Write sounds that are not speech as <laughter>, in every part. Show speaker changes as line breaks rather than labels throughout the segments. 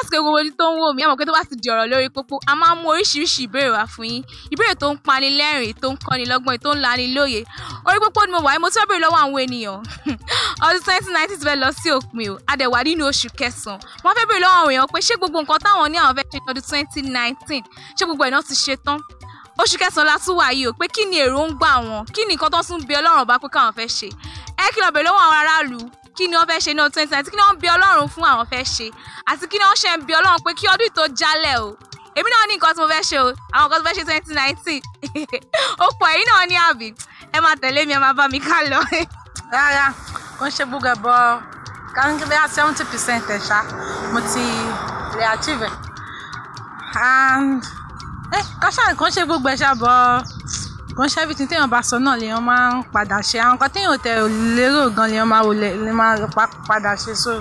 lásìkò gbogbo tó ń wò mí ẹ pé tó bá ti di ọ̀rọ̀ lórí pópó a máa ń mú oríṣiríṣi ìbéèrè wá fún yín ìbéèrè tó ń pani lẹ́rìn tó ń kọ́ni lọ́gbọ́n tó ń lani lóye orí pópó ni mo wà yín mo tún bèèrè lọ́wọ́ àwọn ènìyàn <laughs> ọdún twenty nineteen ti fẹ́ lọ sí òpin o a dẹ̀ wà nínú oṣù kẹsàn-án wọ́n fẹ́ bèèrè lọ́wọ́ àwọn èèyàn pé ṣé gbogbo nǹkan táwọn ní àwọn fẹ́ ṣe ní twenty nineteen ṣé gbogbo ẹ̀ náà ti ṣe tán oṣù kẹsànán la tún wà yìí o pé kí ni èròǹgbà wọn kí ni nǹkan tó tún bí ọlọ́run bá pé káwọn fẹ́ ṣe ẹ kìlọ̀ bẹ̀ lọ́wọ́ àwọn aráàlú kí ni wọ́n fẹ́ ṣe ní ọdún twenty twenty kí ni wọ́n ń bí ọlọ́run fún àwọn fẹ́ ṣe àti kí ni wọ́n ṣe ń bí ọlọ́run pé kí ọdún tó jálẹ̀ o èmi náà ní nǹkan tí mo fẹ́ ṣe o àwọn nǹkan tí mo fẹ́ ṣe twenty nineteen <laughs>
ó pọ̀ èyí náà ní àbí ẹ máa tẹ̀lé mi ẹ máa bá mi ká lọ. <laughs> rárá ó ń ṣe gbúgbẹ bọ káńkì bẹ́ẹ̀ seventy percent ẹ̀ ṣá mo ti re achieve and ẹ kọ́ṣà nǹkan ṣe gbogbo ẹ̀ ṣàbọ̀ kò ń ṣe everything téèyàn bá sọ náà lèèyàn máa ń padà ṣe àwọn nǹkan téèyàn tẹ ò lérò gan lèèyàn máa wò lè máa padà ṣe so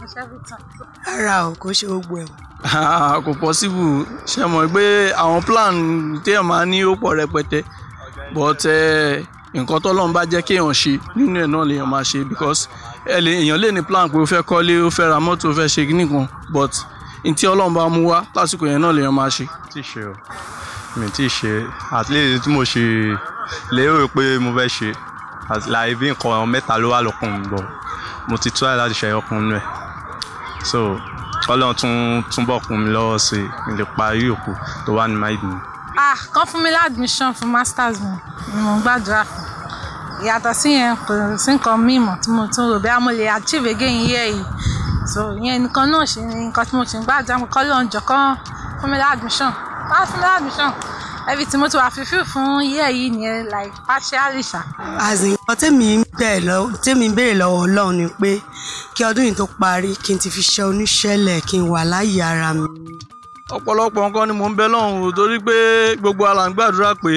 kò ṣe everything.
ara ò kò ṣe gbogbo ẹ̀ o. Ah, kò possible ṣe mọ̀ pé àwọn plan téèyàn máa ní ó pọ̀ rẹpẹtẹ but eh, nǹkan tọ́lọ́run bá jẹ́ kéèyàn ṣe nínú ẹ̀ náà lèèyàn máa ṣe because èèyàn lè ní plan pé ó fẹ́ kọ́lé ó fẹ́ ra mọ́tò ó fẹ́ ṣe kíní but ntí ọlọ́run bá mú wá lásìkò yẹn náà lèèyàn máa ṣe. mi ti
ṣe o mi ti ṣe at least tí mo ṣe lérò pé mo fẹ́ ṣe láì bí nǹkan mẹ́ta ló wà lọ́kàn mi bọ̀ mo ti try láti ṣe ọkùnrin rẹ̀ so ọlọ́run tún túbọ̀ kún mi lọ́wọ́ sí i lè parí òkú tó wà ní máìdì mi.
ah kàn fún mi ládùmíṣàn fún masters mi ni mo ń gbàdúrà fún ìyàtọ̀ sí yẹn kò sí nǹkan mímọ̀ tí mo tún rò bí a mo lè achieve again yẹ́ yìí so ìyẹn nìkan náà ṣe ni nǹkan tí mo ti ń gbá àjà mi kọ́ ló ń jọ kán fúnmilá admission wá fúnmilá admission ẹbí tí mo ti wà fífú fún iye yìí nìyẹn like partially ṣá.
àzìn nǹkan tèmi ń béèrè lọ́wọ́ ọlọ́run ni pé kí ọdún yìí tó parí kí n ti fi ṣe oníṣẹ́lẹ̀ kí n wà láàyè ara mi. ọ̀pọ̀lọpọ̀ nǹkan ni mò ń bẹ lọ́hùn-ún torí pé gbogbo alàǹgbàdúrà pé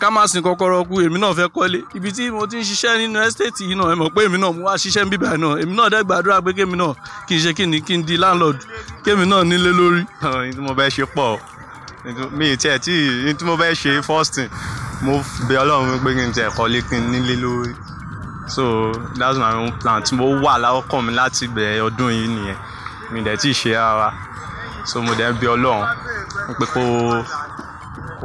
ká má sin kọ́kọ́rọ́ kú èmi náà fẹ́ kọ́lé ibi tí mo ti ń ṣiṣẹ́ nínú ẹ́stéètì yìí náà ẹ mọ̀ pé èmi náà mo wá ṣiṣẹ́ ń bíbà náà èmi náà dẹ̀ pé kémi náà kí n ṣe kí ni kí n di landlord kémi náà nílé lórí. ní tí mo bẹ́ ṣe pọ̀ mi ì tiẹ̀ tí ní tí mo bẹ́ ṣe first
mo bẹ ọlọ́run pé kí n tiẹ̀ kọ́lé kí n nílé lórí so that's my own plan tí mo wà láwọ́kàn mi láti bẹ̀rẹ̀ ọdún yìí nìyẹn mi dẹ̀ tí ì ṣe ara so mo dẹ̀ bẹ ọlọ́run pé kó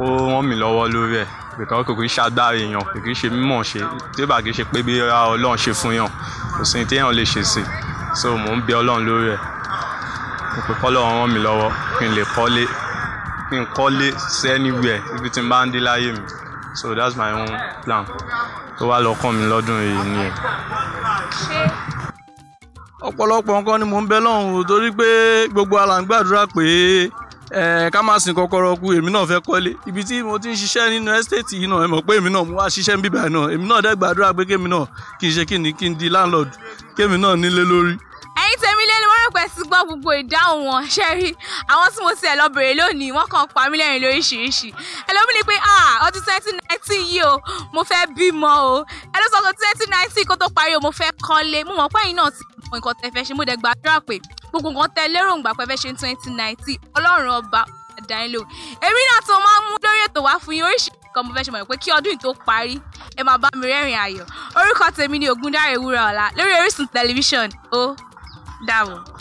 ó ràn mí lọ́wọ́ lórí ẹ̀ because kò kì í ṣàgbára èèyàn kì í ṣe mímọ̀ ṣe tí bá kì í ṣe pé bí ọlọ́run ṣe fún yàn kò sí tí lè ṣe sí so mò ń bẹ ọlọ́run lórí ẹ̀ mo pè kọ́lọ́run ràn mí lọ́wọ́ kí n lè kọ́lé kí n kọ́lé sí anywhere ibi tí n bá ń dé láyé mi
so that's my own plan tó wá lọ kàn lọ́dún yìí nìyẹn. ọ̀pọ̀lọpọ̀ nǹkan ni mò ń bẹ lọ́hùn torí pé gbogbo ara pé ká má sin kọ́kọ́rọ́ kú èmi náà fẹ́ kọ́lé ibi tí mo ti ń ṣiṣẹ́ nínú ẹ́stéètì yìí náà ẹ mọ̀ pé èmi náà mo wá ṣiṣẹ́ ń bíbá náà èmi náà dẹ́ gbàdúrà pé kémi náà kí n ṣe kí ni kí n di landlord kémi náà nílé lórí.
ẹ̀yin tèmi lé ni wọn rò pé ti gbọ́ gbogbo ìdáhùn wọn ṣe rí àwọn tí mo tiẹ̀ lọ bèrè lónìí wọn kàn pa mí lẹ́rìn lóríṣiríṣi ẹlòmí ni pé ah ọdún twenty nineteen yìí o mo fẹ́ bímọ o ẹlòmí sọ pé twenty nineteen kó tó parí o mo fẹ́ kọ́lé mo mọ̀ pé ẹ̀yin náà ti mọ nǹkan tẹ́ ṣe mo dẹ̀ gbàdúrà pé gbogbo nǹkan tẹ lérò ǹgbà pẹ́ fẹ́ ṣe ní twenty nineteen ọlọ́run ọba àdáyínlò èmi náà tó máa ń mú lórí ètò wá fún yín oríṣi kan mo fẹ́ ṣe mọ̀ pé kí ọdún yìí tó parí ẹ máa bá mi rẹ́rìn ayọ̀ orúkọ tèmi ni Ògúndáre Wúràọlá lórí Orísun tẹlifíṣàn ó dàbọ̀.